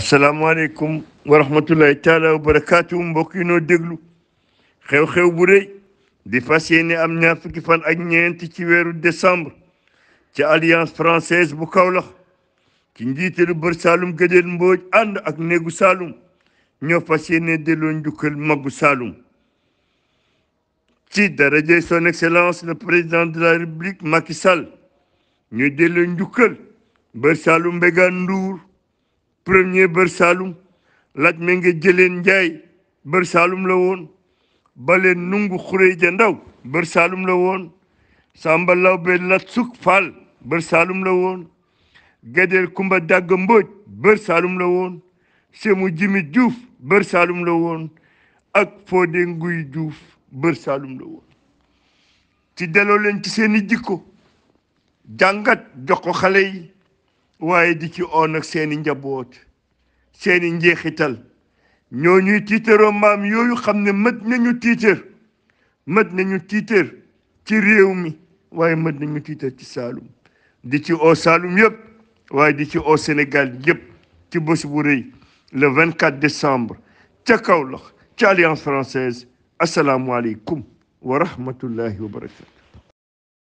السلام عليكم ورحمة الله تعالى وبركاته مبكين ودقلو خيو خيو بري دي فاسيني أمنا فكي فان أجنين تشويرو ديسمبر تي أليانس فرانسيز بكاولخ كي نجيتي لبر سالوم قدير مبوج أند أك نيغو سالوم نيو فاسيني دي لون جوكل مغو سالوم تي درجة سون اكسلانس لبريزان دي لا ريبليك ماكي سال نيو دي لون جوكل بر بيغان نور premier bër saalum laaj me nge jëleen njaay bër saalum la woon baleen nungu xurey ja ndaw bër saalum la woon samba lawbe lat suk faal bër saalum la woon gadeel kumba dàgg mbooj bër saalum la woon semu jimi juuf bër saalum la woon ak foode nguy juuf bër saalum la woon ci delloo ci seeni jikko jàngat jox ko xale waaye di ci oo nag seeni njaboot seeni njeexital ñoo tiitaroo maam yooyu xam ne nañu tiitar nañu tiitar ci réew mi waaye nañu tiitar ci Saalum di ci oo Saalum yëpp waaye di ci oo Sénégal yëpp ci bés bu rëy le 24 décembre ca Alliance française asalaamualeykum wa rahmatullahi wa barakatu